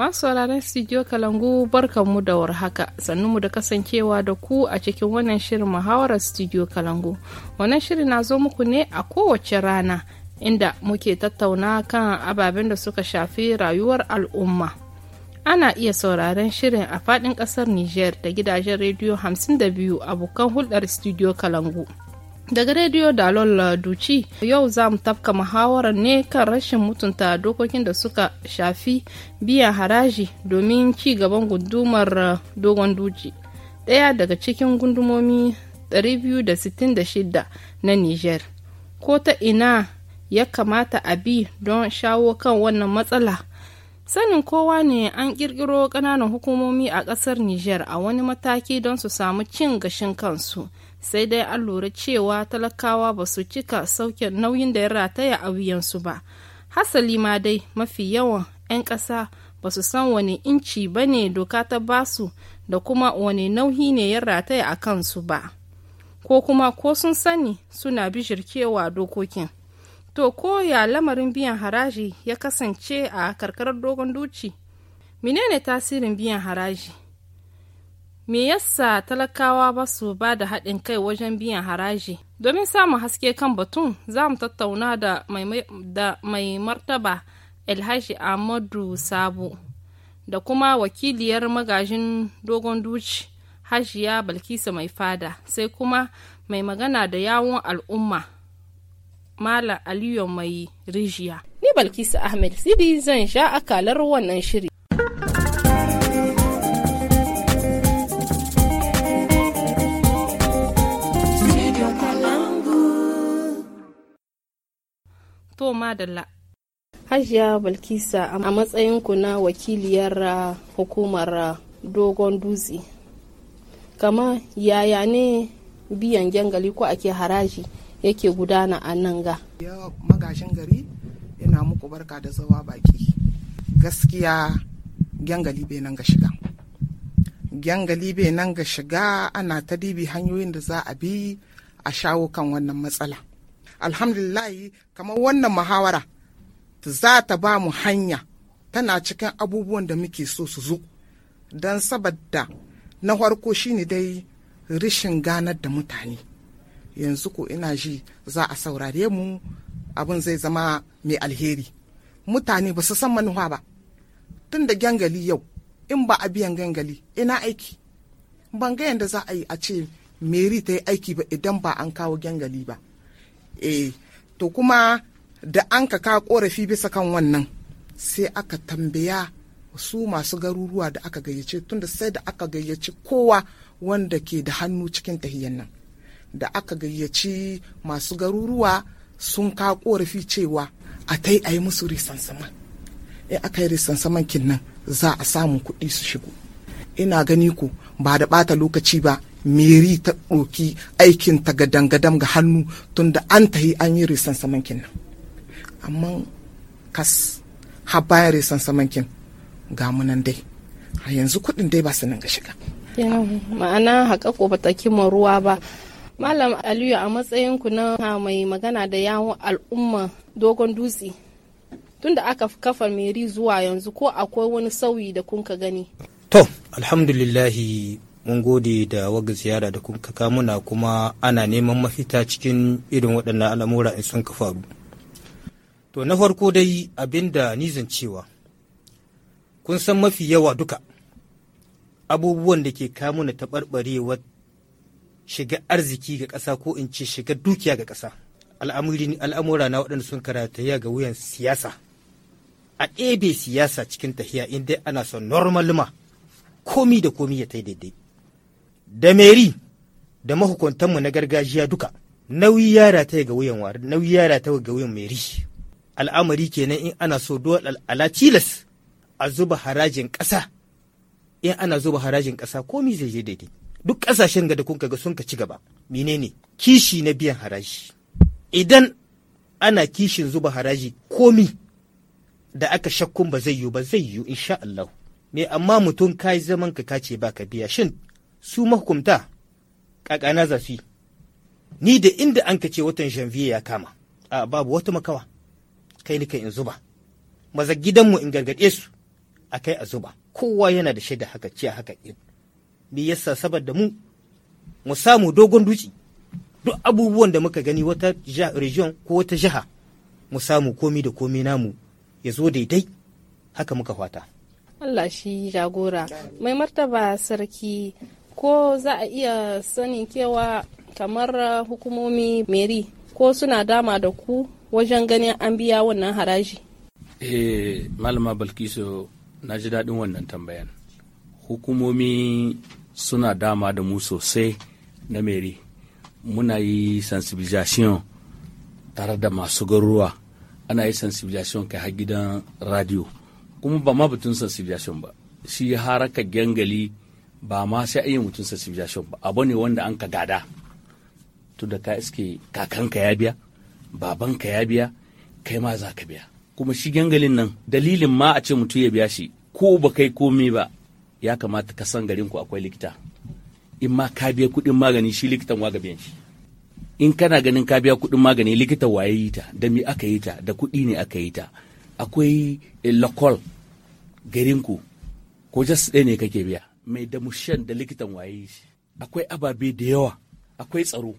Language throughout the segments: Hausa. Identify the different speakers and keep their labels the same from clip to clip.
Speaker 1: Masu wararen studio Kalangu barkanmu da warhaka sannunmu da kasancewa da ku a cikin wannan shirin muhawarar studio Kalangu. Wannan shirin na zo muku ne a kowace rana inda muke tattauna kan ababen da suka shafi rayuwar al'umma. ana iya sauraren shirin a faɗin ƙasar Nijar da gidajen rediyo 52 abokan hulɗar studio Kalangu. Daga rediyo Dalol Duci, yau za mu tafka muhawarar ne kan rashin mutunta dokokin da suka shafi biyan haraji domin ci gaban gundumar uh, dogon duci. Ɗaya daga cikin gundumomi 266 na Niger. Ko ta ina ya kamata a bi don shawo kan wannan matsala. Sanin kowa ne an ƙirƙiro ƙananan hukumomi a ƙasar Niger a wani mataki don su samu cin gashin kansu. sai dai an lura cewa talakawa ba su cika sauke nauyin da ya rataya a wuyansu ba hasali ma dai mafi yawan 'yan ƙasa ba su san wani inci ba ne doka ta basu da kuma wani nauyi ne ya rataya a kansu ba ko kuma ko sun sani suna bishirkewa dokokin to ko ya lamarin biyan haraji ya kasance a karkarar dogon duci menene tasirin biyan haraji Me yasa talakawa ba su ba da haɗin kai wajen biyan haraji? Domin samun haske kan batun za mu tattauna da mai martaba Alhaji Ahmadu Sabu da kuma wakiliyar magajin dogon duci Hajiya Balkisa mai fada sai kuma mai magana da yawon al'umma Malam Aliyu mai rijiya. Ni Balkisa Ahmed Sidi zan sha akalar wannan shiri. To madalla. Hajiya Balkisa a matsayinku na wakiliyar uh, hukumar uh, dogon dutse. Kama yaya ne biyan gyangali
Speaker 2: ko ake haraji yake gudana a nan ga? yawa magashin gari yana muku barka da zawa baki. Gaskiya gyangali bai nan ga shiga. Gyangali bai nan ga shiga ana ta dibi hanyoyin da za a bi a shawo kan wannan matsala. alhamdulillahi kamar wannan muhawara za ta ba mu hanya tana cikin abubuwan da muke so su zo don saboda na farko shine dai rishin ganar da mutane yanzu ko ina ji za a saurare mu abin zai zama mai alheri mutane ba su san manuwa ba tun da gangali yau in ba a biyan gangali ina aiki ban ga yadda za a yi a ce meri ta yi aiki ba idan ba an kawo gangali ba E, to kuma da an ka ka korafi bisa kan wannan sai aka tambaya su masu garuruwa da aka gayyace tunda sai da aka gayyaci kowa wanda ke da hannu cikin tahiyan nan da aka gayyaci masu garuruwa sun ka korafi cewa a ta a yi musu risansama in aka yi saman kin nan za a samu kuɗi su shigo ina gani ku ba da ɓata lokaci ba meri ta ɗauki aikin ta gadon ga hannu tunda an tahi an yi resan samankin nan amma kas ha bayan resan samankin ga munan dai a yanzu kuɗin dai ba su nan ga shiga
Speaker 1: ma'ana haƙaƙo ko ta kima ruwa ba malam aliyu a matsayin ku na mai magana da yawon al'umma dogon dutse tunda aka kafa meri zuwa yanzu ko akwai wani sauyi da kun ka gani
Speaker 3: to alhamdulillahi mun gode da waga ziyara da kuka kamuna kuma ana neman mafita cikin irin waɗannan al'amura in sun ka faru to na farko dai abin da nizan cewa kun san mafi yawa duka abubuwan da ke kamuna taɓarɓarewa shiga arziki ga ƙasa ko in ce shiga dukiya ga ƙasa al'amura na waɗanda sun karata karataya ga wuyan siyasa a ɗebe siyasa cikin tahiya in dai ana son normal ma komi da komi ya tai daidai da meri da mahukuntanmu na gargajiya duka nauyi ya rata ga wuyan wari nauyi ya rata ga wuyan meri al'amari kenan in ana so dole ala tilas a zuba harajin ƙasa in ana zuba harajin ƙasa komi zai je daidai duk ƙasashen ga da kun ga sun ka ci gaba menene kishi na biyan haraji idan ana kishin zuba haraji komi da aka shakkun ba zai yiwu ba zai yiwu insha Allah me amma mutum kai zaman ka kace ka biya shin su mahukumta ƙaƙana zafi ni da inda an kace watan janvier ya kama a babu wata makawa kai ni kai in zuba maza gidanmu in gargaɗe su a kai a zuba kowa yana da shaida haka ciya haka in me yasa saboda mu mu samu dogon dutse duk abubuwan da muka gani wata region ko wata jiha mu samu komi da komi namu ya zo daidai haka muka fata
Speaker 1: Allah shi jagora mai martaba sarki ko za a iya sani kewa kamar uh, hukumomi meri ko suna dama da ku wajen ganin an biya wannan haraji
Speaker 4: eh malama balkiso na ji daɗin wannan tambayan hukumomi suna dama da mu sosai na meri muna yi sensibilisation tare da masu garuruwa ana yi sensibilisation kai har gidan radio kuma ba ma batun sensibilisation ba shi haraka gangali ba ma sai mutum yi mutum shop ba abu ne wanda an ka gada to da ka iske kakanka ya biya babanka ya biya kai ma za ka biya kuma shi gangalin nan dalilin ma a ce mutum ya biya shi ko ba kai komai ba ya kamata ka san garinku ku akwai likita in ma ka biya kuɗin magani shi likitan wa biyan shi in kana ganin ka biya kuɗin magani likita waye yi ta da me aka yi ta da kuɗi ne aka yi ta akwai eh, lokal garinku ko jas ɗaya ne kake biya mai da mushen da likitan waye shi akwai ababe da yawa akwai tsaro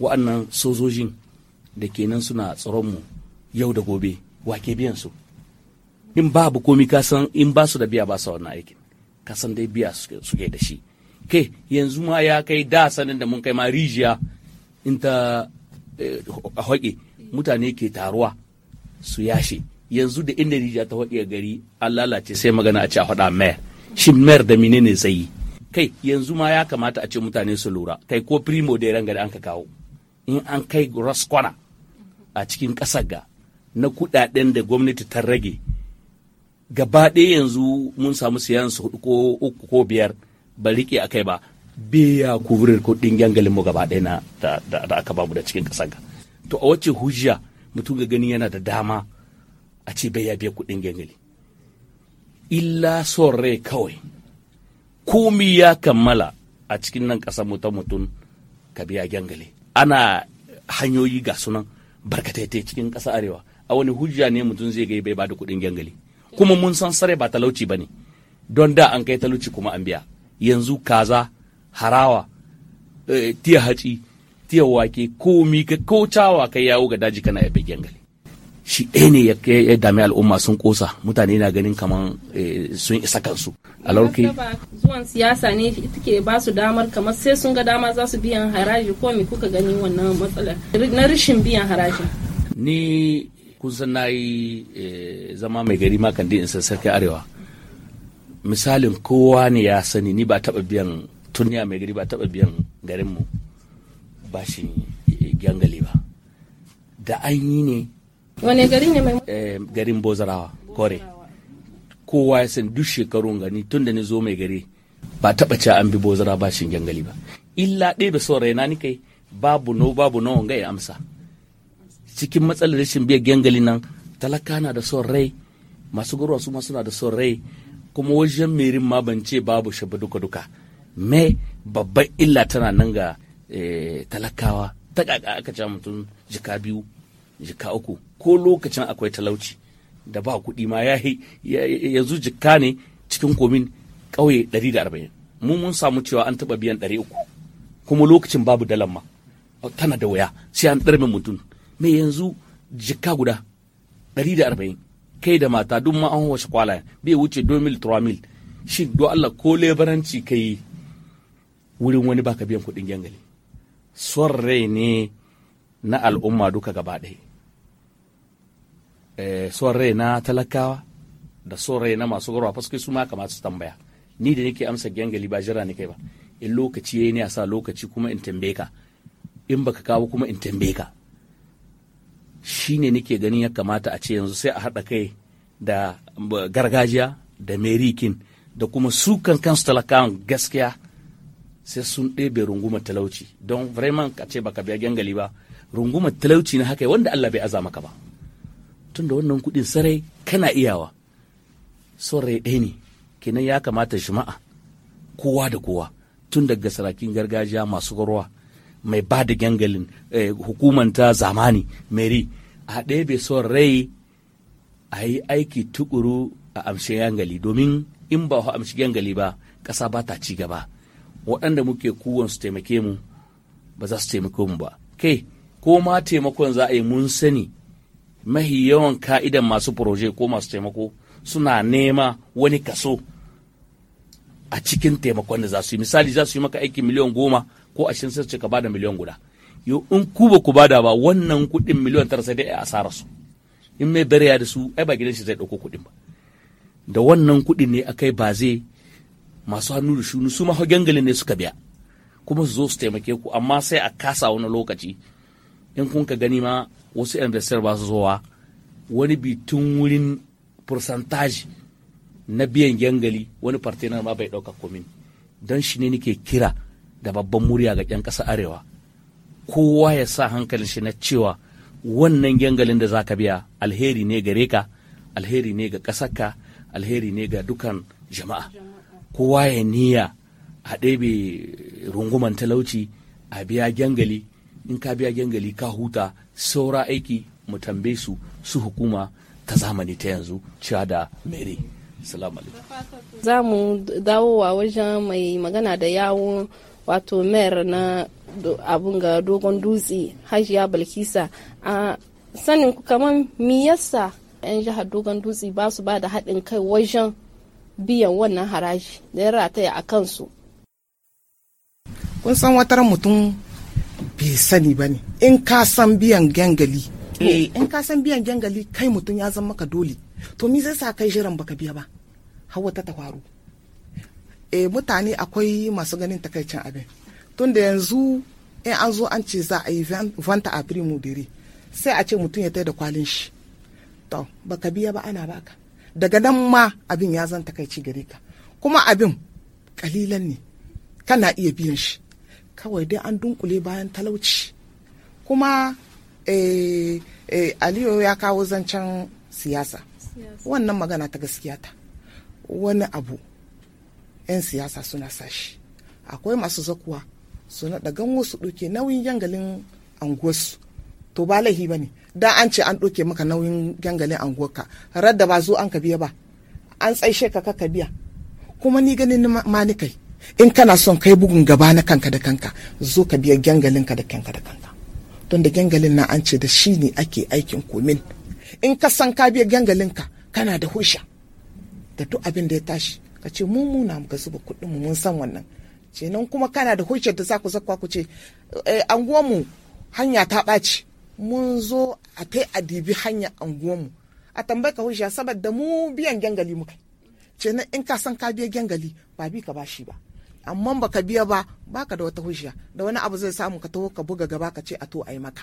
Speaker 4: wa'annan sojojin da kenan suna tsaron mu yau da gobe wake biyan su in babu komi ka san in ba su da biya ba su wannan aikin ka san dai biya ke da shi ke yanzu ma ya kai da sanin da mun kai ma rijiya in ta eh, a haƙe mutane ke taruwa su yashe yanzu da inda rijiya ta haƙe gari an lalace sai magana a ce a faɗa mayar shin mayar da menene zai yi kai yanzu ma ya kamata a ce mutane su lura kai ko primo da ranga da an ka kawo in an kai raskwana a cikin ƙasar ga na kudaden da gwamnati ta rage gaba yanzu mun samu siyan su hudu ko uku ko biyar ba riƙe a kai ba biya ko kuɗin yangalin mu gaba na da, aka bamu da cikin ƙasar ga to a wacce hujja mutum ga gani yana da dama a ce bai ya biya kuɗin gangali illa son rai kawai komi ya kammala a cikin nan ƙasa mu ta mutum ka biya gyangale ana hanyoyi ga sunan barkatai cikin ƙasa arewa a wani hujja ne mutum zai gai bai ba da kuɗin gyangali kuma mun san sare ba talauci ba ne don da an kai talauci kuma an biya yanzu kaza harawa eh, tiya haci tiya wake komi ka kocawa kai yawo ga daji kana yabe gyangali shi ɗaya ne ya dami al'umma sun kosa mutane na ganin kaman eh, sun isa kansu a lauke
Speaker 1: zuwan siyasa ne take ba su damar kamar sai sun ga dama za su biyan haraji ko me kuka gani wannan matsalar na rashin biyan haraji
Speaker 4: ni kusan na yi eh, zama mai gari makan in sarki arewa misalin kowa ne ya sani ni ba taba biyan tuniya mai gari ba taba biyan garinmu shi gyangale ba da an yi ne wane gari ne mai eh, garin bozarawa kore kowa ya san duk shekarun gani tun da ni zo mai gari ba taba ci an bi bozara ba shi gangali ba illa ɗaya da saurayi na ni kai babu no babu no wanga ya amsa cikin matsalar rashin biyan gangali nan talaka na da son rai masu gurwa su masu na da son rai kuma wajen merin ma ban ce babu shi duka duka me babban illa tana nan ga eh, talakawa ta kaka aka ja mutum jika biyu jika uku ko lokacin akwai talauci da ba kuɗi ma ya yanzu jikka ne cikin komin ƙauye 140 mu mun samu cewa an taɓa biyan 300 kuma lokacin babu dalan ma tana da waya sai an ɗarmin mutum me yanzu jikka guda arba'in kai da mata duk ma an wasu kwalaye bai wuce 2000 mil shi do Allah ko lebaranci ka yi wurin wani baka biyan kuɗin gyangali son rai ne na al'umma duka gaba ɗaya Eh, son rai na talakawa da son rai na masu gwarwa fasikai su ma kamata su tambaya ni da nake amsa gyangali ba jira ni kai ba in lokaci yi ne a sa lokaci kuma in tambaye ka in baka kawo kuma in tambaye ka shine nake ganin ya kamata a ce yanzu sai a haɗa kai da gargajiya da merikin da kuma su kan kansu talakawan gaskiya sai sun ɗebe runguma talauci don vraiment a ce baka biya gyangali ba rungumar talauci na haka wanda Allah bai aza maka ba tun da wannan kuɗin sarai kana iyawa son rai ɗaya ne kenan ya kamata jima'a kowa da kowa tun daga sarakin gargajiya masu ruwa mai ba da gangalin eh, hukumanta zamani mary a ɗaya bai son rai a yi aiki tukuru a amshe yangali domin in ba amshi yangali ba ƙasa ba ta ci gaba waɗanda muke kuwon su taimake mu ba za su taimake mu ba kai ko ma taimakon za a yi mun sani mahi yawan ka'idan masu proje ko masu taimako suna nema wani kaso a cikin taimakon da za su yi misali za su yi maka aiki miliyan goma ko ashirin sai ka bada miliyan guda yau in ku ba ku bada ba wannan kuɗin miliyan tara sai dai a asara su in mai bariya da su ai ba gidan shi zai ɗauko kuɗin ba da wannan kuɗin ne akai ba zai masu hannu da shunu su ma gangalin ne suka biya kuma su zo su taimake ku amma sai a kasa wani lokaci in kun ka gani ma wasu 'yan dasar ba su zowa wani bitun wurin percentage na biyan gyangali wani partner ma bai dauka komin don shi ne nike kira da babban murya ga 'yan kasa arewa kowa ya sa hankalin shi na cewa wannan gangalin da za ka biya alheri ne gare ka alheri ne ga ka alheri ne ga dukan jama'a kowa ya niya a ɗebe runguman talauci a biya gangali in ka biya gyangali ka huta saura aiki mu tambaye su su hukuma ta zamani ta yanzu cewa da mere salamu alaikum
Speaker 1: za mu dawowa wajen mai magana da yawon wato mer na abun ga dogon dutse hajiya balkisa a sanin kamar mi 'yan jihar dogon dutse ba su ba da haɗin kai wajen biyan wannan haraji da ya rataya
Speaker 2: a kansu kun san watar mutum bai sani ba ne in ka san biyan gangali eh. eh, in ka san biyan gangali kai mutum ya zama maka dole to mi zai sa kai jiran baka biya ba hawa ta ta faru e mutane akwai masu ganin takaicin abin tun da yanzu in an zo an ce za a yi vanta a primo dare sai a ce mutum ya tai da kwalin shi to baka biya ba ana baka daga nan ma abin ya zan takaici gare ka kuma abin kalilan ne kana iya biyan shi kawai dai an dunkule bayan talauci kuma eh, eh aliyo ya kawo zancen siyasa wannan magana ta gaskiya ta wani abu 'yan siyasa suna sashi akwai masu zakuwa su naɗa wasu su ɗauke nauyin yangalin anguwarsu to ba laihi ba ne da an ce an ɗauke maka nauyin yangalin anguwarka radda ba zo an ka biya ba an tsaishe ka ka biya kuma ni ganin ma ni kai in kana son kai bugun gaba na kanka da kanka zo ka biya gyangalin ka da kanka da kanka don da gyangalin na an ce da shi ne ake aikin komin in ka san ka biya gyangalin ka kana da husha da duk abin da ya tashi ka ce mu muna ga zuba kuɗin mu mun san wannan nan kuma kana da hujjar da za ku zakwa ku ce eh, anguwanmu hanya ta ɓaci mun zo a kai a dibi hanya anguwanmu a tambayi ka hujja saboda mu biyan gyangali muka nan in ka san ka biya gyangali ba bi ka bashi ba amma baka biya ba baka da wata hujja da wani abu zai samu ka taho ka buga gaba ka ce a to ai maka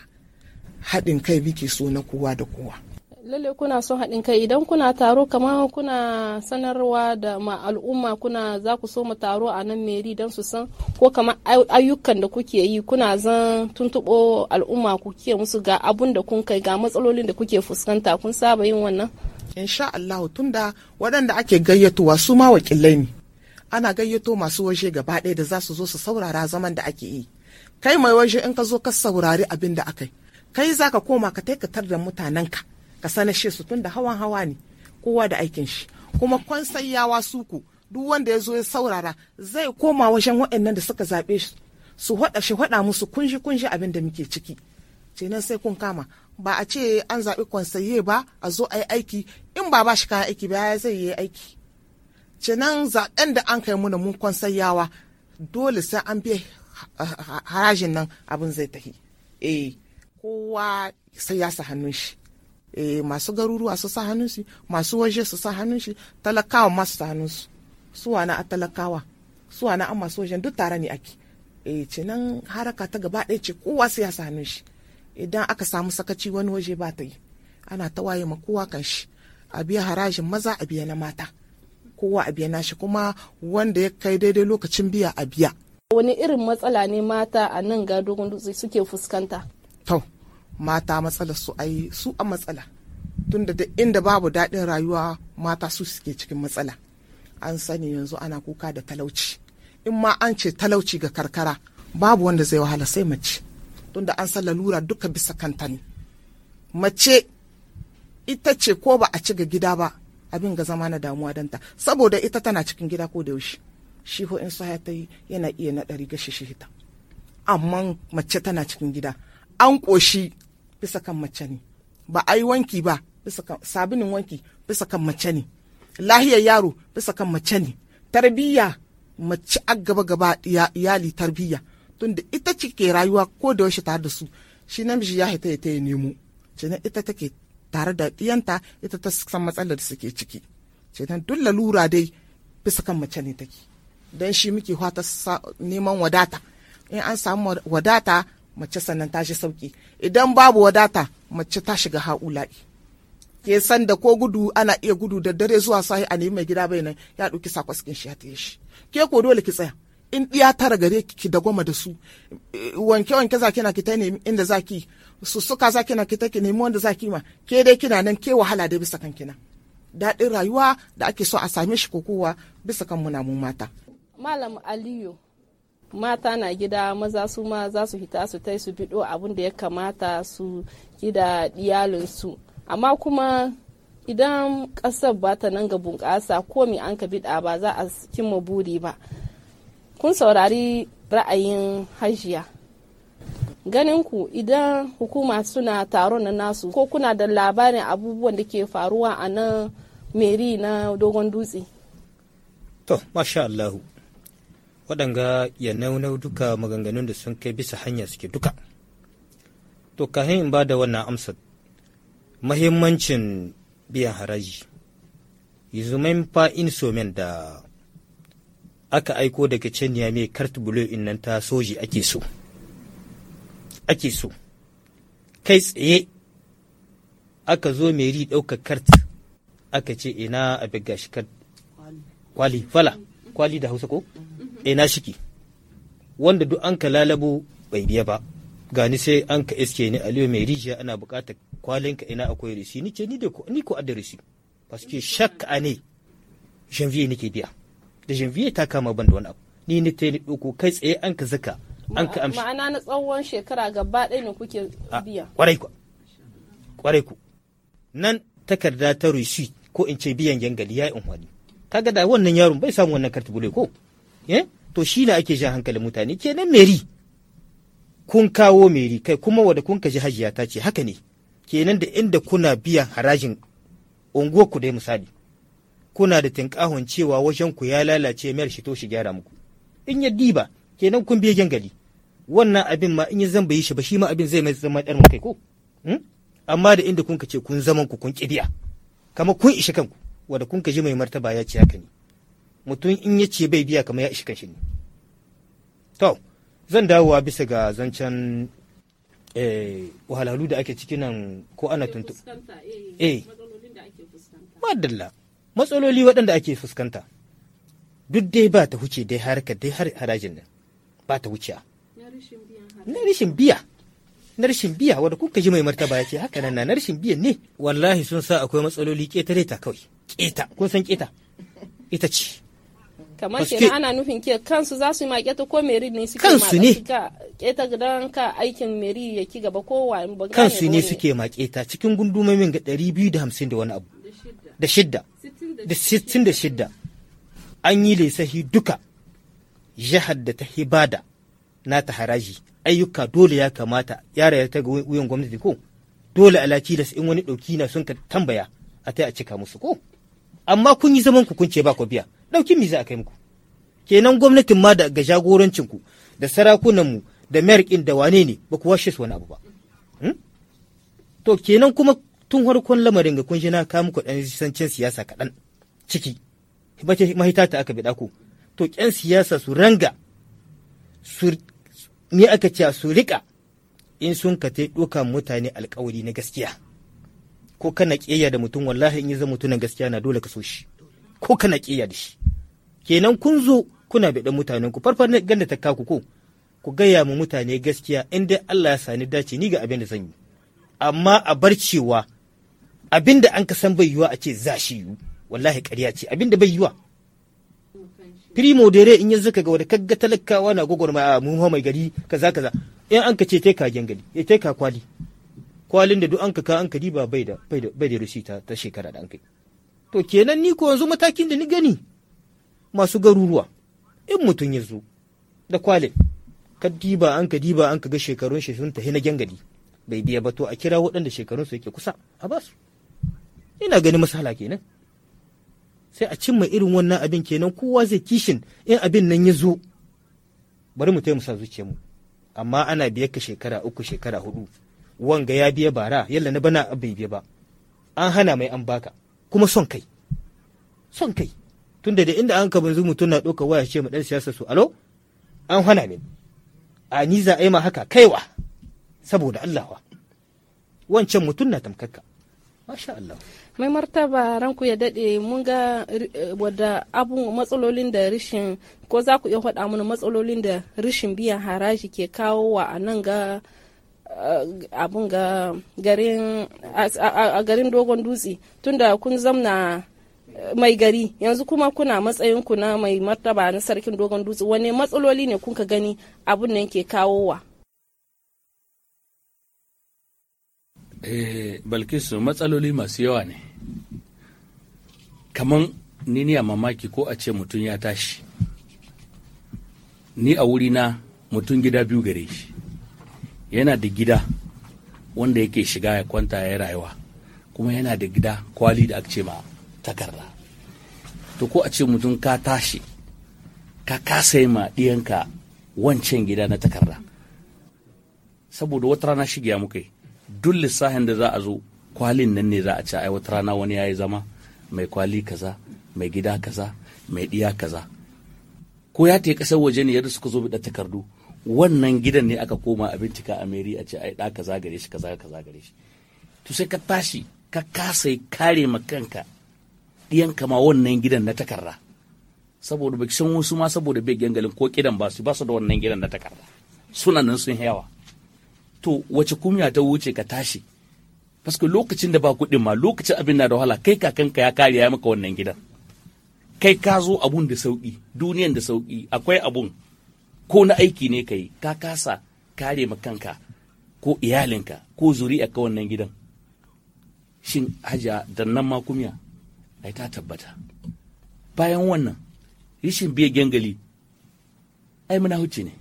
Speaker 2: haɗin kai muke so na kowa da kowa lalle kuna son
Speaker 1: haɗin kai idan kuna taro kamar kuna sanarwa da ma al'umma kuna za ku so mu taro a nan meri don su san ko kamar ayyukan da kuke yi kuna zan tuntuɓo al'umma ku ke musu ga abun da kun kai ga matsalolin da kuke fuskanta kun saba yin wannan
Speaker 2: insha Allah tunda waɗanda ake gayyatowa su ma wakilai ne ana gayyato masu waje gaba ɗaya da za su zo su saurara zaman da ake yi kai mai waje in ka zo ka saurari abin da aka yi kai za ka koma ka taikatar da mutanenka ka sanashe su tun da hawan hawa ne kowa da aikin shi kuma kwansayawa suku duk wanda ya zo ya saurara zai koma wajen waɗannan da suka zaɓe su su haɗa shi haɗa musu kunshi kunshi abin da muke ciki kenan sai kun kama ba a ce an zaɓi kwansaye ba a zo a yi aiki in ba ba shi kayan aiki ba ya zai yi aiki kenan zaɓen da an kai muna mun konsayawa dole sai an bi harajin nan abin zai tafi eh kowa sai ya sa hannun shi eh masu garuruwa su sa hannun shi masu waje su sa hannun shi talakawa masu sa hannun su suwa na a talakawa suwa na an masu wajen duk tare ne ake eh cinan haraka ta gaba ɗaya ce kowa sai ya sa hannun shi idan aka samu sakaci wani waje ba ta yi ana ta waye ma kowa kan shi a biya harajin maza a biya na mata kowa a biya nashi kuma wanda ya kai daidai lokacin biya a biya
Speaker 1: wani irin matsala ne mata a nan ga dogon dutse suke
Speaker 2: fuskanta to mata matsala su ai su a matsala tunda da inda babu daɗin rayuwa mata su suke cikin matsala an sani yanzu ana kuka da talauci in ma an ce talauci ga karkara babu wanda zai wahala sai mace tunda an san lalura duka bisa kanta ne mace ita ce ko ba a ci ga gida ba abin ga zama na damuwa danta saboda ita tana cikin gida ko da yaushe shi ho in sa ta yi yana iya na ɗari gashi shi hita amma mace tana cikin gida an ƙoshi bisa kan mace ne ba a yi wanki ba bisa kan sabinin wanki bisa kan mace ne lahiyar yaro bisa kan mace ne tarbiyya mace a gaba gaba iyali tarbiyya tunda ita ce ke rayuwa ko da yaushe tare da su shi namiji ya haita ya nemo cina ita take tare da ɗiyanta ita ta san matsalar da suke ciki ta duk lalura dai bisa kan mace ne take don shi muke hata neman wadata in an samu wadata mace sannan ta sauki idan babu wadata mace ta shiga ha'ula'i ke san da ko gudu ana iya gudu da dare zuwa sahi a nemi mai gida bai nan ya ɗauki sakwaskin shi ya taya shi ke ko dole ki tsaya in ɗiya tara gare ki da goma da su eh, wanke wanke za kina ki ta nemi inda za ki sussuka za kina ki take nemi wanda za ki ma ke dai kina nan ke wahala da bisa kan kina daɗin rayuwa da ake so a same shi ko kowa bisa kan muna mu mata
Speaker 1: malam aliyu mata na gida maza su ma za su hita su tai su bido abin da ya kamata su gida iyalinsu amma kuma idan ƙasar ba ta nan ga bunƙasa ko mi an ka bida ba za a cimma buri ba kun saurari ra'ayin hajiya ganin ku idan hukuma suna taron na nasu ko kuna da labarin abubuwan da ke faruwa a nan meri na dogon dutse
Speaker 3: to masha allahu waɗanga ya naunau duka maganganun da sun kai bisa hanya suke duka to kahin in ba da wannan amsa mahimmancin biyan haraji yuzumin fa'in somen da aka aiko daga can mai kart bulo nan ta soji ake so ake so kai tsaye aka zo meri ɗaukar kart aka ce ina abin gashi kart kwali fala kwali da hausa ko ina shiki wanda duk an ka lalabo bai biya ba gani sai an ka iske ni aliyu mai rijiya ana bukatar kwalinka ina akwai rishi ni ce ni da ni ko adda su paske shakka a ne janvier nake biya da janvier ta kama ban da wani abu ni ni ta ni ɗauko kai tsaye an ka zaka an ka amshi
Speaker 1: ma'ana na tsawon shekara gaba ɗaya ne kuke biya
Speaker 3: kwarai ku kwarai ku nan takarda ta rushi ko in ce biyan jangali ya yi unhwani kaga da wannan yaron bai samu wannan karti bule ko eh to shi ne ake jan hankalin mutane kenan meri kun kawo meri kai kuma wanda kun ka ji hajiya ta ce haka ne kenan da inda kuna biyan harajin unguwarku ku dai misali kuna da tinkahon cewa wajen ku ya lalace mayar shi to shi gyara muku in ya diba kenan kun biya jangali wannan abin ma in ya zan bayi shi ba shi ma abin zai mai zama ɗan kai ko hmm? amma da inda kun ka ce kun zaman ku kun kibiya kamar kun ishi kanku wanda kun ka ji mai martaba ya ce haka ne mutum in ya ce bai biya kamar ya ishi kanshi ne to zan dawowa bisa ga zancen eh, wahalhalu da ake ciki nan ko ana tuntu eh, eh. madalla matsaloli waɗanda ake fuskanta duk dai ba ta huce dai harkar dai harajin nan ba ta wuce na rashin biya na rashin biya wadda kuka ji mai martaba ya ce haka nan na rashin biyan ne wallahi sun sa akwai matsaloli ƙetare ta kawai ƙeta kun san ƙeta ita ce
Speaker 1: kamar na ana nufin ke kansu za su yi maketa ko meri ne suke kansu ne keta gidan ka aikin meri ya ki gaba ko wa ban kansu ne suke
Speaker 3: maketa cikin gundumomin ga 250 da wani abu da shidda da da 66 an yi lissafi duka jihar da ta hibada na ta haraji ayyuka dole ya kamata yara ya ta wuyan gwamnati ko dole alaci da in wani dauki na sun ka tambaya a ta a cika musu ko amma kun yi zaman ku kun ce ba ku biya ɗaukin mi za a kai muku kenan gwamnatin ma da ga jagorancin ku da sarakunan mu da mayar da wane ne ba ku washe su wani abu ba hmm? to kenan kuma tun harkon lamarin ga kun na kawo muku dan sancin siyasa kaɗan ciki mahita ta aka bi ku to ƙyan siyasa su ranga me aka ce su riƙa in sun ka ta ɗoka mutane alkawari na gaskiya ko kana ƙeya da mutum wallahi in yi zama mutumin gaskiya na dole ka so shi ko kana ƙeya da shi kenan kun zo kuna biɗan mutanen ku farfar ganda ta kaku ko ku gaya mu mutane gaskiya in dai Allah ya sani dace ni ga abin da zan yi amma a bar cewa abin da an ka san bai yiwa a ce za shi yiwu wallahi ƙarya ce abin da bai yiwa primo dere in yanzu kaga wani kaga talakawa na gogorma a mu mai gari kaza kaza in an ka ce tai ka gari ya eh, tai ka kwali kwalin da duk an ka ka an ka diba bai da bai da ta shekara da an kai to kenan ni ko yanzu matakin da ni gani masu garuruwa in mutum ya zo da kwalin ka diba an ka diba an ka ga shekarun shi sun tahi na gangadi bai biya ba to a kira waɗanda shekarun su yake kusa a basu ina ganin masala kenan sai a cimma irin wannan abin kenan kowa zai kishin in abin nan ya zo bari mu taimaka zuciya mu amma ana biyar ka shekara uku shekara hudu wanga ya biya bara yalla na bana bai biya ba an hana mai an baka kuma son kai son kai tunda da inda an ka banzu mutum na ɗauka waya ce mu dan siyasa su alo an hana min a ni za a yi ma haka kaiwa saboda allahwa wancan mutum na tamkaka
Speaker 1: masha Allah mai martaba ranku ya dade mun ga eh, wadda abun matsalolin da rishin ko za ku iya faɗa mana matsalolin da rishin biyan haraji ke kawo wa a nan ga eh, abun ga garin a garin dogon dutse tunda kun zamna eh, mai gari yanzu kuma kuna matsayin ku na mai martaba na sarkin dogon dutse wani matsaloli ne kuka gani abun nan ke kawowa
Speaker 4: eh balkisu matsaloli masu yawa ne kaman ni ni a mamaki ko a ce mutum ya tashi ni a wuri na mutum gida biyu gare shi yana da gida wanda yake shiga ya kwanta ya rayuwa kuma yana da gida kwali da ake ce ma takarda to ko a ce mutum ka tashi ka kasa yi ma ɗiyanka wancan gida na takarda saboda wata rana shigiya muka yi duk lissahin da za a zo kwalin nan ne za a ci a wata rana wani ya yi zama mai kwali kaza mai gida kaza mai ɗiya kaza ko ya ta kasar waje ne yadda suka zo bi takardu wannan gidan ne aka koma a bincika a meri a ce ai ɗa kaza gare shi kaza kaza gare shi to sai ka tashi ka kasa kare ma kanka ɗiyanka ma wannan gidan na takarda saboda bai san wasu ma saboda bai gangalin ko kidan ba su ba da wannan gidan na takarda suna nan sun yawa to wace kumya ta wuce ka tashi Paske lokacin da ba kuɗin ma lokacin abin na da wahala kai kakanka ya kare ya maka wannan gidan. Kai ka zo abun da sauƙi, duniyan da sauƙi, akwai abun ko na aiki ne ka yi, ka kasa kare ma kanka ko iyalinka ko zuri'a ka wannan gidan. Shin haja da nan ma kumiya? ai ta tabbata. Bayan wannan, rishin biye gangali, ai muna huce ne.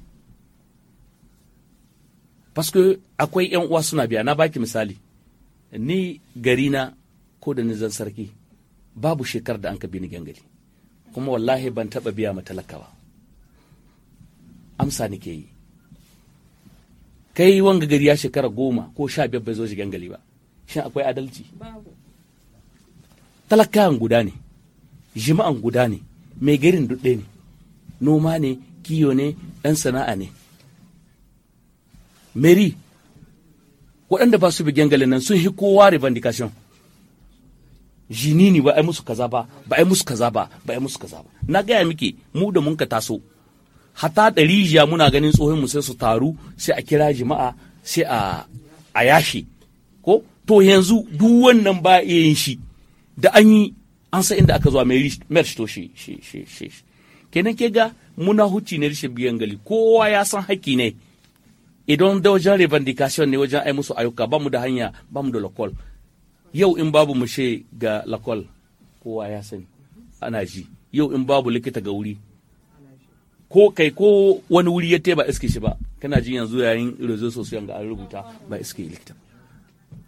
Speaker 4: Paske akwai 'yan uwa suna biya, na baki misali. ni garina ko da nizan sarki babu shekar da an ka bi ni gangali kuma wallahi ban taɓa biya ma talakawa ba amsa nake yi kai wanga gari ya shekara goma ko sha biyar bai zo shi gangali ba shin akwai adalci talakawan guda ne jima'an guda ne mai garin dudde ne noma ne kiyo ne ɗan sana'a ne meri waɗanda ba su bi galin nan sun hi kowa revendication jini ne ba ai musu kaza ba ba ai musu kaza ba ba ai musu kaza ba na gaya miki mu da mun ka taso hata da rijiya muna ganin tsohon mu sai su taru sai a kira jima'a sai a a yashi ko to yanzu duk wannan ba iya yin shi da an yi an sa inda aka zuwa mai merch to shi shi shi kenan ke ga muna huci ne rishin biyan gali kowa ya san haƙƙi ne idan da wajen revendication ne wajen ai musu ayyuka ba mu da hanya ba mu da lakol yau in babu mushe ga lakol kowa ya sani ana ji yau in babu likita ga wuri ko kai ko wani wuri ya ba iske shi ba kana jin yanzu yayin rezo sosiyan ga an rubuta ba iske likita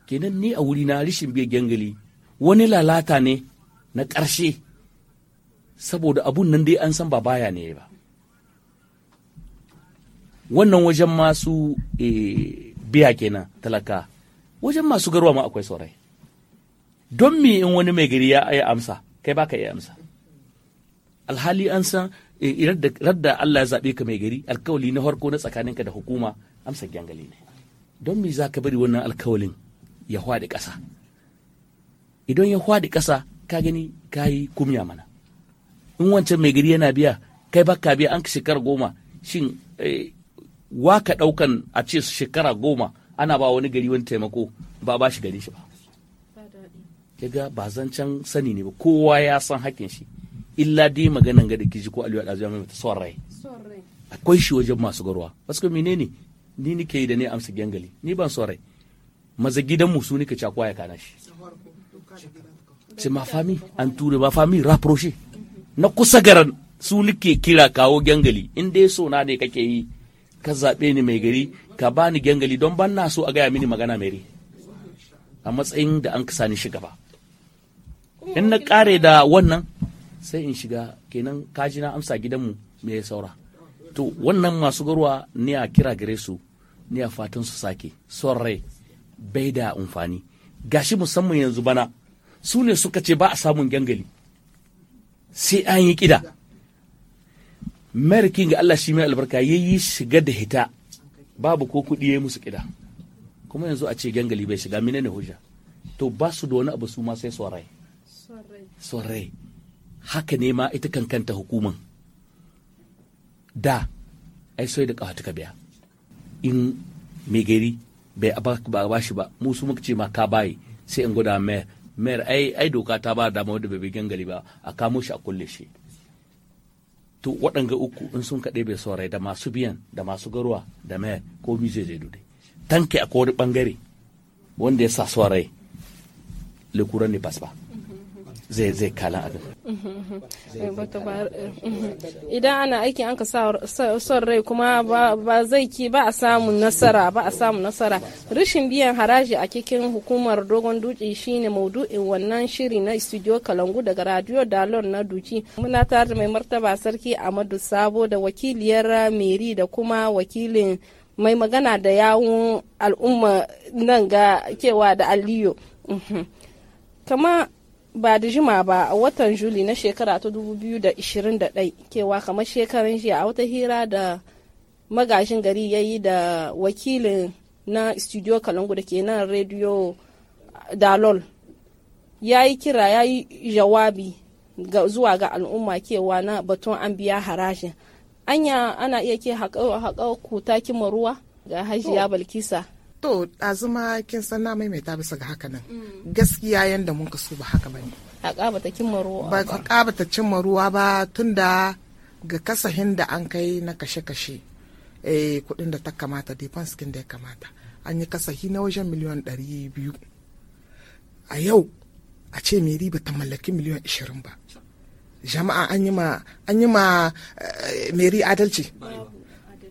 Speaker 4: kenan ni a wuri na rishin biya gangali wani lalata ne na karshe saboda abun nan dai an san ba baya ne ba wannan wajen masu eh, biya kenan talaka wajen masu garwa ma akwai saurai don me in wani mai gari ya yi amsa kai baka iya amsa alhali an san eh, radda Allah ya zaɓe ka mai gari alkawali na farko na ka da hukuma amsa gyangali ne don me za ka bari wannan alkawalin ya hwaɗe ƙasa idan ya hwaɗe ƙasa ka gani ka yi kumya mana in wancan mai gari yana biya kai baka biya an shekara goma shin eh, waka ɗaukan a ce shekara goma ana ba wani gari wani taimako ba ba shi gari shi ba yaga ba zan can sani ne ba kowa ya san hakin shi illa dai maganan ga kiji ko aliyu al'azu ya mai son rai akwai shi wajen masu garwa wasu kuma menene ni nike yi da ne amsa gyangali ni ban son rai maza gidan musu ka cakwa ya kana shi ce ma fami an ture ma fami raproshe na kusa garan su nike kira kawo gyangali in dai so na ne kake yi ka zaɓe ni mai gari ka bani gangali don ban na so a gaya mini magana mai a matsayin da an kasa ni ba in na kare da wannan sai in shiga kenan kaji na amsa gidanmu mai ya saura to wannan masu garwa ne a kira gare su ne a fatan su sake son rai bai da amfani gashi musamman yanzu bana su ne suka ce ba a samun gangali sai an yi kida marikin ga Allah shi mai albarka ya yi shiga da hita babu ko kuɗi ya yi musu ƙida kuma yanzu a ce gangali bai shiga mine ne hujja to ba su da wani abu su ma sai sorai sorai haka ne ma ita kankanta hukuman da ai sai da ƙawa ka biya in mai gari bai ba ba shi ba mu su muka ce ma ka bayi sai in gwada mayar mayar ai doka ta ba dama wanda bai bi gangali ba a kamo shi a kulle shi to waɗanga uku in sun kaɗe bai saurai da masu biyan da masu garuwa da mayar ko zai zai dudai tanke a wani ɓangare wanda ya sa saurai lekuran ne fasfa zai zai kala abin
Speaker 1: idan ana aiki an ka son rai kuma ba zai ki ba a samun nasara ba a samun nasara rashin biyan haraji a cikin hukumar dogon duci shine maudu'in wannan shiri na studio kalangu daga radio dalon na duki. muna tare mai martaba sarki amadu sabo da wakiliyar meri da kuma wakilin mai magana da yawun al'umma nan ga kewa da aliyu uhm. kama ba da jima ba a watan juli na shekara ta 2021 kewa kamar shekaran jiya a wata hira da magajin gari ya yi da wakilin na studio kalangu da ke nan rediyo dalol ya yi kira ya yi jawabi zuwa ga al'umma kewa na batun an biya harajin anya ana iya ke haƙa kima ruwa ga hajiya balkisa
Speaker 2: to ɗazuma kin san na maimaita bisa ga haka nan gaskiya yadda mun so ba haka bane a ƙabata cimma ruwa ba a cimma ruwa ba tunda ga kasahin da an kai na kashe-kashe eh kuɗin da ta kamata defense kin da ya kamata an yi kasahi na wajen miliyan ɗari biyu a yau a ce mai riba ta mallaki miliyan ashirin ba jama'a an yi ma eh, mai adalci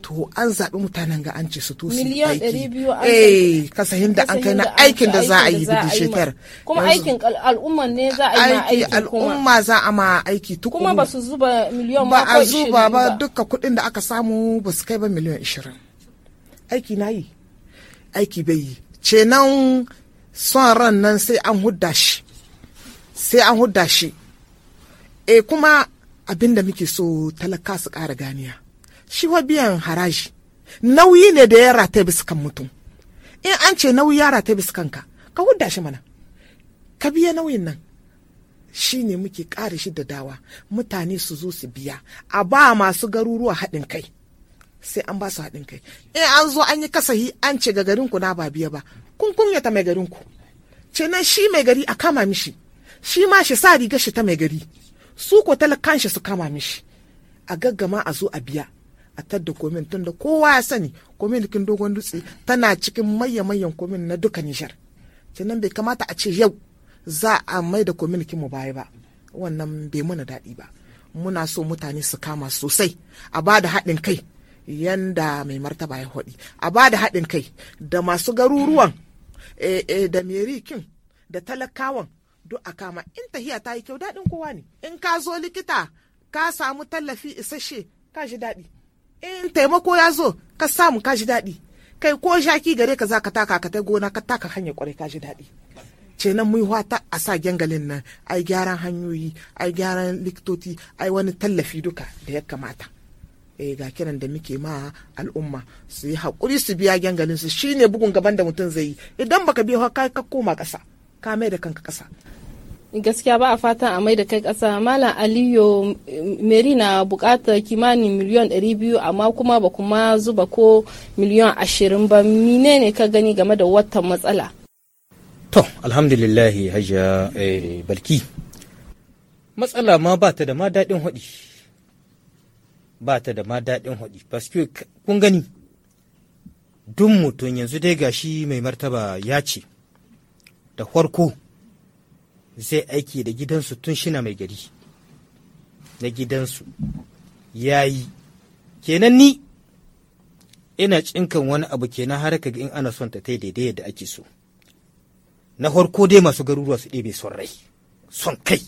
Speaker 2: to an zaɓi mutanen ga an ce su tusi aiki eh kasahin da an kai na aikin da za a yi bidi shekar kuma aikin
Speaker 1: al'umma ne za a yi ma aiki al'umma za
Speaker 2: a ma aiki tukuru kuma ba su
Speaker 1: zuba miliyan ba a zuba ba
Speaker 2: duka kuɗin da aka samu ba su kai ba miliyan ishirin aiki na yi aiki bai yi ce nan son ran nan sai an hudda shi sai an hudda shi e kuma abinda muke so talaka su ƙara ganiya shi wa biyan haraji nauyi ne da ya rata biskan mutum in an ce nauyi ya rata biskan ka ka hudda shi mana ka biya nauyin nan shi ne muke ƙara shi da dawa mutane su zo su biya a ba masu garuruwa haɗin kai sai an ba su haɗin kai in an zo an yi kasahi an ce ga garinku na ba biya ba kun ta mai garinku ce nan shi mai gari a kama mishi shi ma shi sa riga shi ta mai gari su ko talakan shi su kama mishi a gaggama a zo a biya a da komin tun da kowa ya sani komin dukkan dogon dutse tana cikin maye mayan komin na duka nijar sannan bai kamata a ce yau za a mai da komin mu baya ba wannan bai muna daɗi ba muna so mutane su kama sosai a ba da haɗin kai yanda mai martaba ya haɗi a ba da haɗin kai da masu garuruwan eh, eh, da merikin da talakawan duk a kama in tahiya ta yi kyau daɗin kowa ne in ka zo likita ka samu tallafi isasshe ka ji daɗi in taimako ya zo ka samu ka ji daɗi kai ko jaki gare ka za ka taka ka ta gona ka taka hanyar kwarai ka ji daɗi ce nan mun wata a sa gyangalin nan ai gyaran hanyoyi ai gyaran likitoci ai wani tallafi duka da ya kamata eh ga kiran da muke ma al'umma su yi hakuri su biya gyangalin su shine bugun gaban da mutum zai yi idan baka biya ka koma ƙasa ka mai da kanka ƙasa gaskiya ba
Speaker 1: a fatan a mai da kai kasa malam aliyu meri na bukatar kimanin miliyon 200 amma kuma ba kuma zuba ko miliyon 20 ba mine ne ka gani game da watan matsala
Speaker 3: to alhamdulillahi hajja eh, balki matsala ma ba ta da
Speaker 1: ma daɗin hudi
Speaker 3: ba ta da ma daɗin hudi paske kun gani dun mutum yanzu dai gashi mai martaba ya ce da farko zai aiki da gidansu tun shina mai gari na gidansu ya yi kenan ni ina cinkan wani abu kenan har ka in ana son ta daidai yadda ake so na farko dai masu garuruwa su ɗebe son rai son kai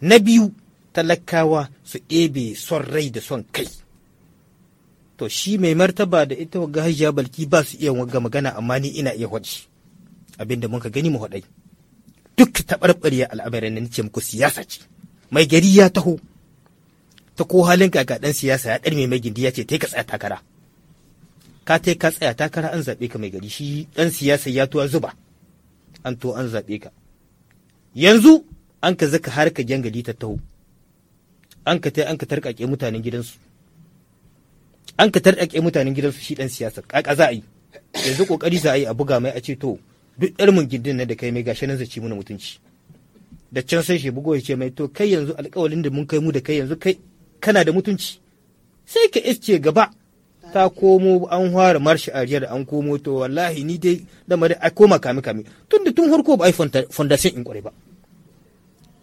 Speaker 3: na biyu talakawa su ɗebe son rai da son kai to shi mai martaba da ita wa hajiya balki ba su iya wagga magana amma ni ina iya hwaji abinda muka gani mu hwadai duk taɓarɓarya al'amarin nan ce muku siyasa ce mai gari ya taho ta ko halin kaka ɗan siyasa ya ɗarme mai gindi ya ce tai ka tsaya takara ka tai ka tsaya takara an zaɓe ka mai gari shi ɗan siyasa ya tuwa zuba an to an zaɓe ka yanzu an ka zaka har ka gyangali ta taho an ka tai an ka tarƙaƙe mutanen gidansu an ka tarƙaƙe mutanen gidansu shi ɗan siyasa ƙaƙa za a yi yanzu ƙoƙari za a yi a buga mai a ce to duk yar gindin na da kai mai gashi nan zaci muna mutunci da can sai shi bugo ya ce mai to kai yanzu alkawalin da mun kai mu da kai yanzu kai kana da mutunci sai ka iske gaba ta komo an fara marshi ariyar an komo to wallahi ni dai da mare a koma kame kame tun da tun harko ba ai fondation in kware ba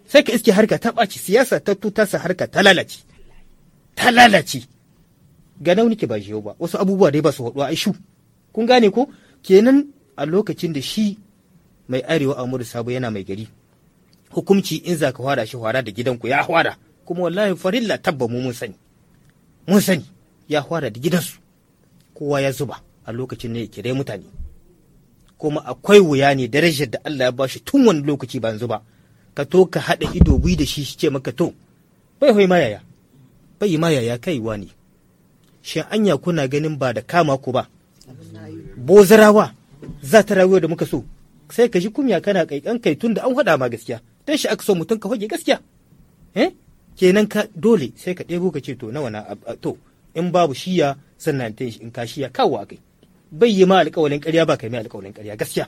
Speaker 3: sai ka iske harka ta ɓaci siyasa ta tutasa harka ta lalace ta lalace ga nauni ke ba jiyo ba wasu abubuwa dai ba su haɗuwa a shu kun gane ko kenan a lokacin da shi mai arewa a amuru sabo yana mai gari hukumci in za ka hwara shi hwara da gidanku ya hwara kuma wallahi farilla tabba mu mun sani mun sani ya hwara da gidansu kowa ya zuba a lokacin ne dai mutane kuma akwai wuya ne darajar da Allah ya bashi tun wani lokaci ba zuba ka to ka haɗa ido bi da shi shi ce maka to bai hoyi ma yaya bai ma yaya kai wani shin anya kuna ganin ba da kama ku ba bozarawa za ta rayuwa da muka so sai ka shi kumya kana kaikan kai tunda an faɗa ma gaskiya dan shi aka so mutum ka hoge gaskiya eh kenan ka dole sai ka ɗebo ka ce to nawa na to in babu shiya sannan ta in ka shiya kawo kai bai yi ma alƙawalin ƙarya ba kai mai alƙawalin ƙarya gaskiya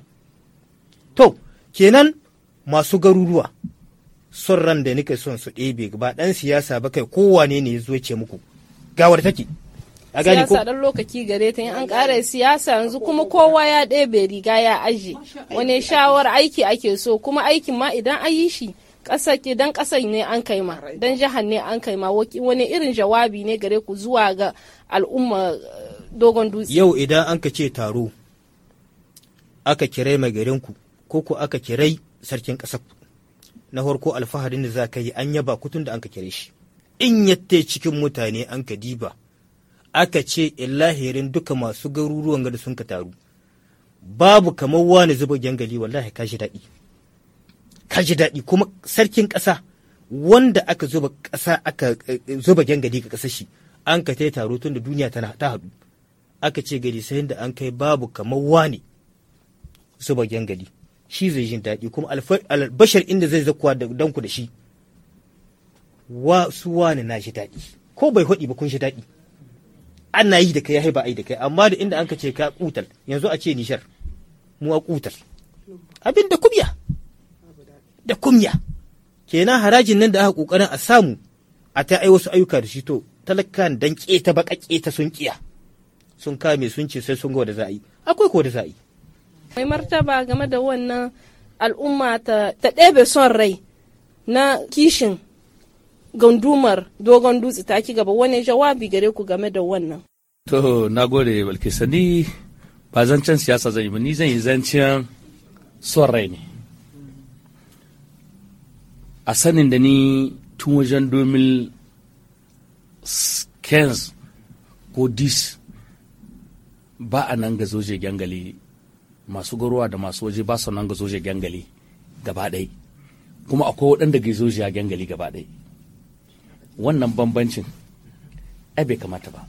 Speaker 3: to kenan masu garuruwa son ran da nika son su ɗebe ba ɗan siyasa ba kai kowane ne ya zo ce muku gawar take a gane ko siyasa
Speaker 1: dan lokaci gare ta an kara siyasa yanzu kuma kowa ya ɗebe riga ya aje wani shawar aiki ake so kuma aikin ma idan ayi yi shi ƙasa ke dan ne an kai ma dan jihar ne an kai ma wani irin jawabi ne gare ku zuwa ga al'umma eh, dogon dutse yau
Speaker 3: idan an ka ce taro aka kirai mai garin ku ko ku aka kirai sarkin ƙasar na farko alfaharin da za ka yi an yaba kutun da an ka kire shi in yatte cikin mutane an ka diba aka ce lahirin duka masu garuruwan gada sun ka taru babu kamar wani zuba gyangali wallahi ka daɗi kashi daɗi kuma sarkin ƙasa wanda aka zuba ƙasa aka eh, eh, zuba gyangali ga ƙasar shi an ka tai taro tun da duniya tana ta haɗu aka ce gari sai da an kai babu kamar wani zuba gyangali shi zai jin daɗi kuma albashar inda zai zakuwa da danku da shi wa su wani na shi daɗi ko bai haɗi ba kun shi daɗi ana yi da kai yayi ba ai da kai amma da inda an ka ce ka kutal yanzu a ce nishar mu a kutal abin da kumya da kumya kenan harajin nan da aka kokarin a samu a ta ai wasu ayyuka da shi to talakan dan keta baka keta sun kiya sun kame sun ce sai sun ga wanda za a yi akwai ko da za a yi
Speaker 1: mai martaba game da wannan al'umma ta ɗebe son rai na kishin gandumar dogon dutse ta ki gaba wani jawabi gare ku game da wannan
Speaker 4: to na gode balkisa ni ba zancen siyasa zan yi ba ni zan yi zancen son rai ne a sanin da ni tun wajen 2015 ko 10 ba a nan ga zoje gyangali masu garuwa da masu waje ba su nan ga zoje gyangali gaba ɗai kuma akwai waɗanda ga zoje gyangali gaba ɗai wannan bambancin ai bai kamata ba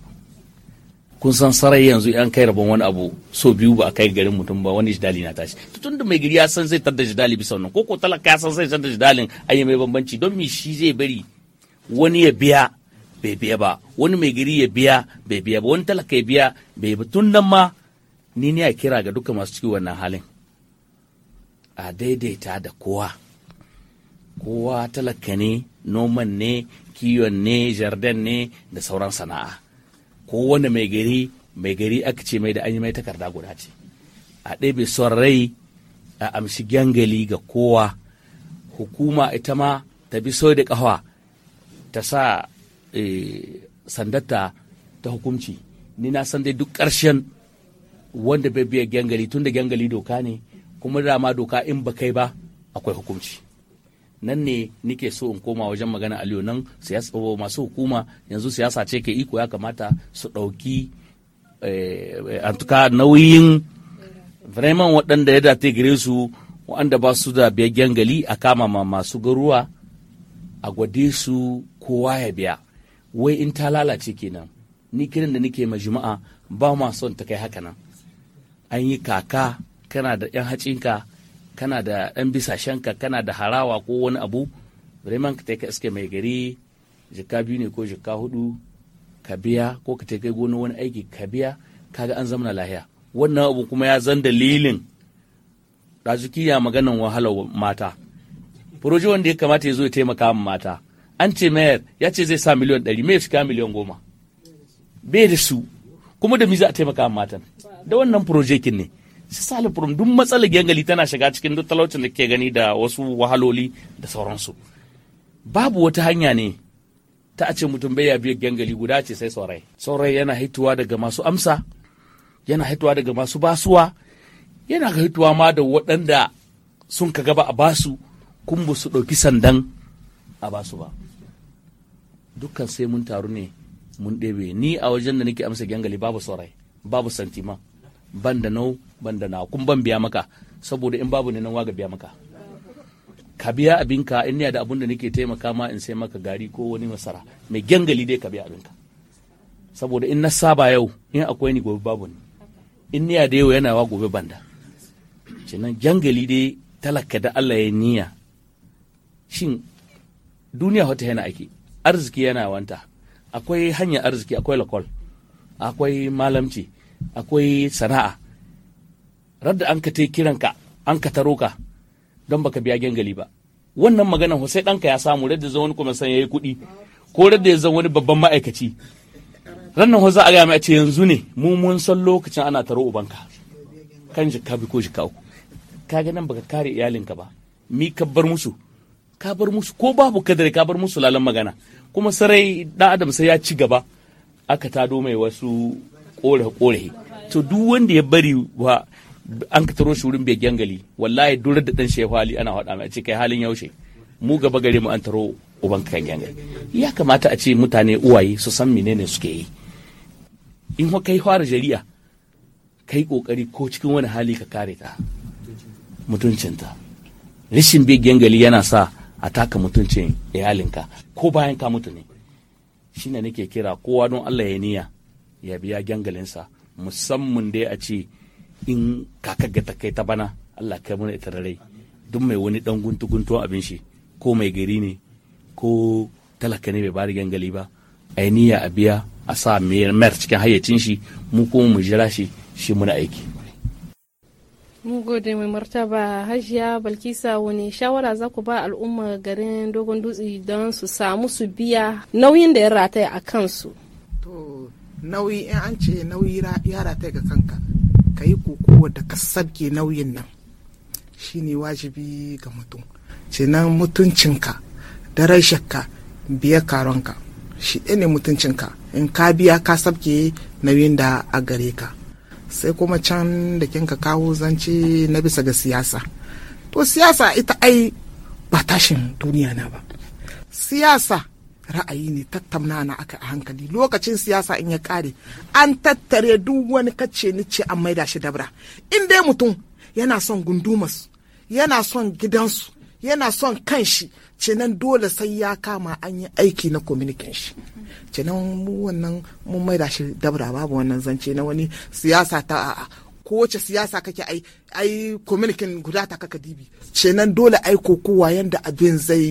Speaker 4: kun san sarai yanzu an kai rabon wani abu so biyu ba a kai garin mutum ba wani jidali na tashi tun da mai gari ya san zai tarda jidali bisa wannan koko talaka ya san zai tarda jidalin a yi mai bambanci don mi shi zai bari wani ya biya bai biya ba wani mai gari ya biya bai biya ba wani talaka ya biya bai ba tun nan ma ni ne a kira ga duka masu ciki wannan halin a daidaita da kowa kowa talaka ne noman ne kiwon ne jardin ne da sauran sana'a ko wanda mai gari mai gari aka ce mai da an yi mai takarda guda ce a ɗebe son rai a amshi gyangali ga kowa hukuma ita ma ta bi so da ƙawa ta sa eh, sandata ta hukumci ni na san dai duk ƙarshen wanda bai biya gangali tun da gangali doka ne kuma dama doka in ba kai ba akwai hukunci nan ne nike so in koma wajen magana aliyu nan masu hukuma yanzu siyasa ce ke iko ya kamata su ɗauki eh, tuka nauyin vraiment waɗanda ya date gare su waɗanda ba su da biyayyen gali a kama ma masu garuwa a gwade su kowa ya biya wai in ta lalace kenan ni kiran da nake ma jima'a ba ma son ta kai haka nan an yi kaka kana da yan hacinka kana da ɗan bisashenka kana da harawa ko wani abu vraiment ka ka iske mai gari jika biyu ne ko jika hudu ka biya ko ka kai gona wani aiki ka biya kaga an zamana lahiya wannan abu kuma ya zan dalilin ya maganan wahalar mata furoji wanda ya kamata ya zo ya taimaka ma mata an ce mayar ya ce zai sa miliyan ɗari mai shiga miliyan goma bai da su kuma da mi za a taimaka ma matan da wannan furojekin ne shi sale duk matsalar gengali tana shiga cikin duk talaucin da ke gani da wasu wahaloli da sauransu babu wata hanya ne ta a ce mutum bai yabi gyangali gengali guda ce sai saurayi saurayi yana haituwa daga masu amsa yana haituwa daga masu basuwa yana haituwa ma da waɗanda sun ka gaba a basu kun ba su ɗauki sandan a basu ba dukkan sai mun taru ne mun ɗebe ni a wajen da nake amsa gyangali babu saurayi babu santima ban da nau ban da na kun ban biya maka saboda in babu ne nan waga biya maka ka biya abinka in ya da abin da nake taimaka ma in sai maka gari ko wani masara mai gyangali dai ka biya abinka saboda in na saba yau in akwai ni gobe babu ni in niya da yau yana wa gobe banda cinan gyangali dai talaka da Allah ya niya shin duniya wata yana ake arziki yana wanta akwai hanyar arziki akwai lakol akwai malamci akwai sana'a radda an ka tai kiranka an ka taro ka don baka biya gangali ba wannan magana sai ɗanka ya samu radda zan wani kuma san yayi kuɗi ko radda ya zan wani babban ma'aikaci rannan ho za a gaya ce yanzu ne mu mun san lokacin ana taro ubanka kan jikka bi ko jikka uku ga nan baka kare iyalinka ba mi ka bar musu ka bar musu ko babu kadare ka bar musu lalan magana kuma sarai ɗan adam sai ya ci gaba aka tado mai wasu korehe korehe to duk wanda ya bari wa an ka taro shi wurin bai gyangali wallahi durar da dan shehu hali ana faɗa mai ce kai halin yaushe mu gaba gare mu an taro uban kan gyangali ya kamata a ce mutane uwaye su san menene suke yi in kai fara jari'a kai kokari ko cikin wani hali ka kare ta mutuncinta rashin bai gyangali yana sa a taka mutuncin iyalinka ko bayan ka mutu ne shine nake kira kowa don Allah ya niya ya biya gyangalinsa musamman dai a ce in kakar ga ta kai ta bana Allah kai mana ita rai duk mai wani dan guntu guntu abin shi ko mai gari ne ko talaka ne bai bada gangali ba ai a biya a sa mayar cikin hayyacin shi mu kuma mu jira shi shi muna aiki
Speaker 1: mun gode mai martaba hajiya balkisa wani shawara za ku ba al'umma garin dogon dutse don su samu su biya nauyin da ya rataya a kansu
Speaker 2: to nauyi in an ce nauyi ya rataya ga kanka ka yi kokowa da ka sabke nauyin nan shi ne wajibi ga mutum cinan mutuncinka da rashinka biya karonka shi ne mutuncinka in ka biya ka sabke nauyin da a gare ka sai kuma can da kinka kawo zance na bisa ga siyasa to siyasa ita ai ba tashin duniya na ba siyasa ra'ayi ne tattauna na aka a hankali lokacin siyasa in ya kare an tattare duk wani kace ni ce an maida shi dabra in dai mutum yana son gundumas yana son gidansu yana son kanshi nan dole sai ya kama an yi aiki na communication shi nan mu wannan mun maida shi dabra babu wannan zance na wani siyasa ta a'a kowace siyasa kake ai ai communiquin guda ta kaka dibi kenan dole ai kowa yanda abin zai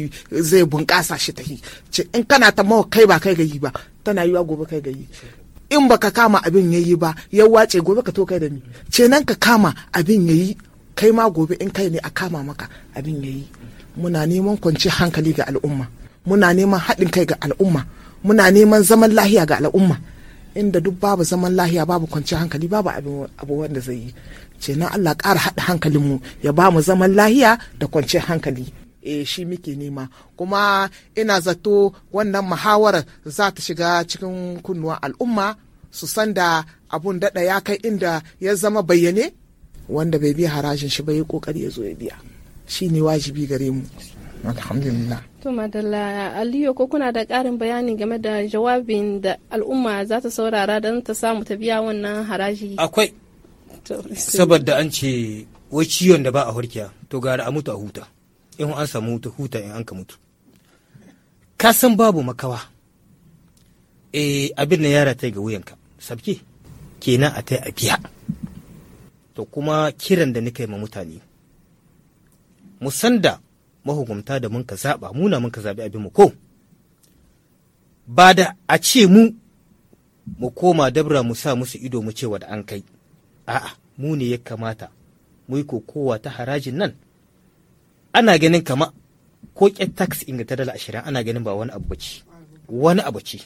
Speaker 2: zai bunƙasa shi tahi ce in kana ta mawa kai ba kai gayi ba tana yiwa gobe kai gayi in baka kama abin yayi ba ya wace gobe ka to kai da ni kenan ka kama abin yayi kai ma gobe in kai ne a kama maka abin yayi muna neman kwanci hankali ga al'umma muna neman haɗin kai ga al'umma muna neman zaman lahiya ga al'umma inda duk babu zaman lahiya babu kwanciyar hankali babu abu wanda zai yi ce na Allah ƙara haɗa hankalinmu ya ba mu zaman lahiya da kwanciyar hankali e shi muke nema kuma ina zato wannan muhawarar za ta shiga cikin kunnuwan al'umma su san da abun daɗa ya kai inda ya zama bayyane wanda bai biya harajin shi bai yi ƙoƙari ya zo ya biya shi ne wajibi gare mu alhamdulillah
Speaker 1: to madalla aliyu ko kuna da karin bayani game da jawabin da al'umma za ta saurara don ta samu ta biya wannan haraji akwai saboda
Speaker 3: an ce wai ciwon da ba a horkiya to gara a mutu a huta in an samu huta huta in an ka mutu ka san babu makawa eh abin da yara ta ga wuyanka sabke kenan a tai a biya to kuma kiran da nika yi ma mutane musanda mahukumta da mun ka zaɓa muna mun ka zaɓi abin mu ko ba da a ce mu mu koma dabra mu sa musu ido mu ce da an kai a'a mu ne ya kamata mu yi kokowa ta harajin nan ana ganin kama ko ƙyar tax inga dala ashirin ana ganin ba wani abu ce wani abu ce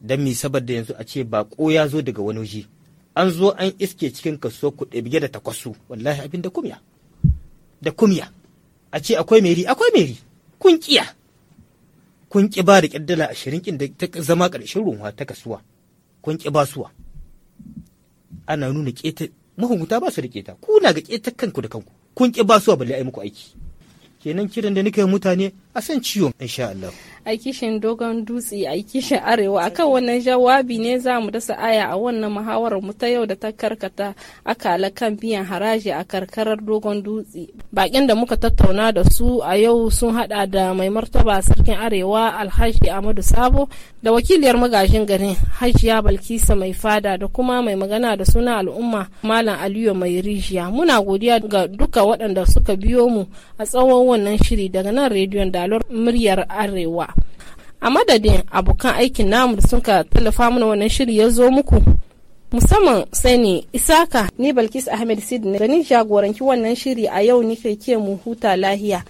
Speaker 3: don mi saboda yanzu a ce ba ko ya zo daga wani waje an zo an iske cikin kaso ku da takwasu wallahi abin da kumya da kumya a ce akwai meri akwai meri kun kiya kun ki ba da kaddala ashirin kin da ta zama karshen ruwa ta kasuwa kun ki basuwa ana nuna keta mahukunta ba su da ƙeta ku na ga ƙeta kanku da kanku kun ki basuwa balle ai muku aiki kenan kiran da nika mutane a san ciwon insha Allah.
Speaker 1: A kishin dogon dutse a kishin arewa akan wannan jawabi ne za mu dasa aya a wannan muhawarar mu ta yau da ta karkata akala kan biyan haraji a karkarar dogon dutse. Bakin da muka tattauna da su a yau sun hada da mai martaba sarkin arewa alhaji amadu Sabo da wakiliyar magajin garin Hajiya Balkisa mai fada da kuma mai magana da suna al'umma Malam Aliyu mai rijiya. Muna godiya ga duka waɗanda suka biyo mu a tsawon wannan shiri daga nan rediyon da jalor muryar arewa a madadin abokan aikin namu da suka tallafa mana wannan shiri ya zo muku musamman sai ni isaka ni balkis ahmed sidney da ni jagoranci wannan shiri a yau ni ke mu huta lahiya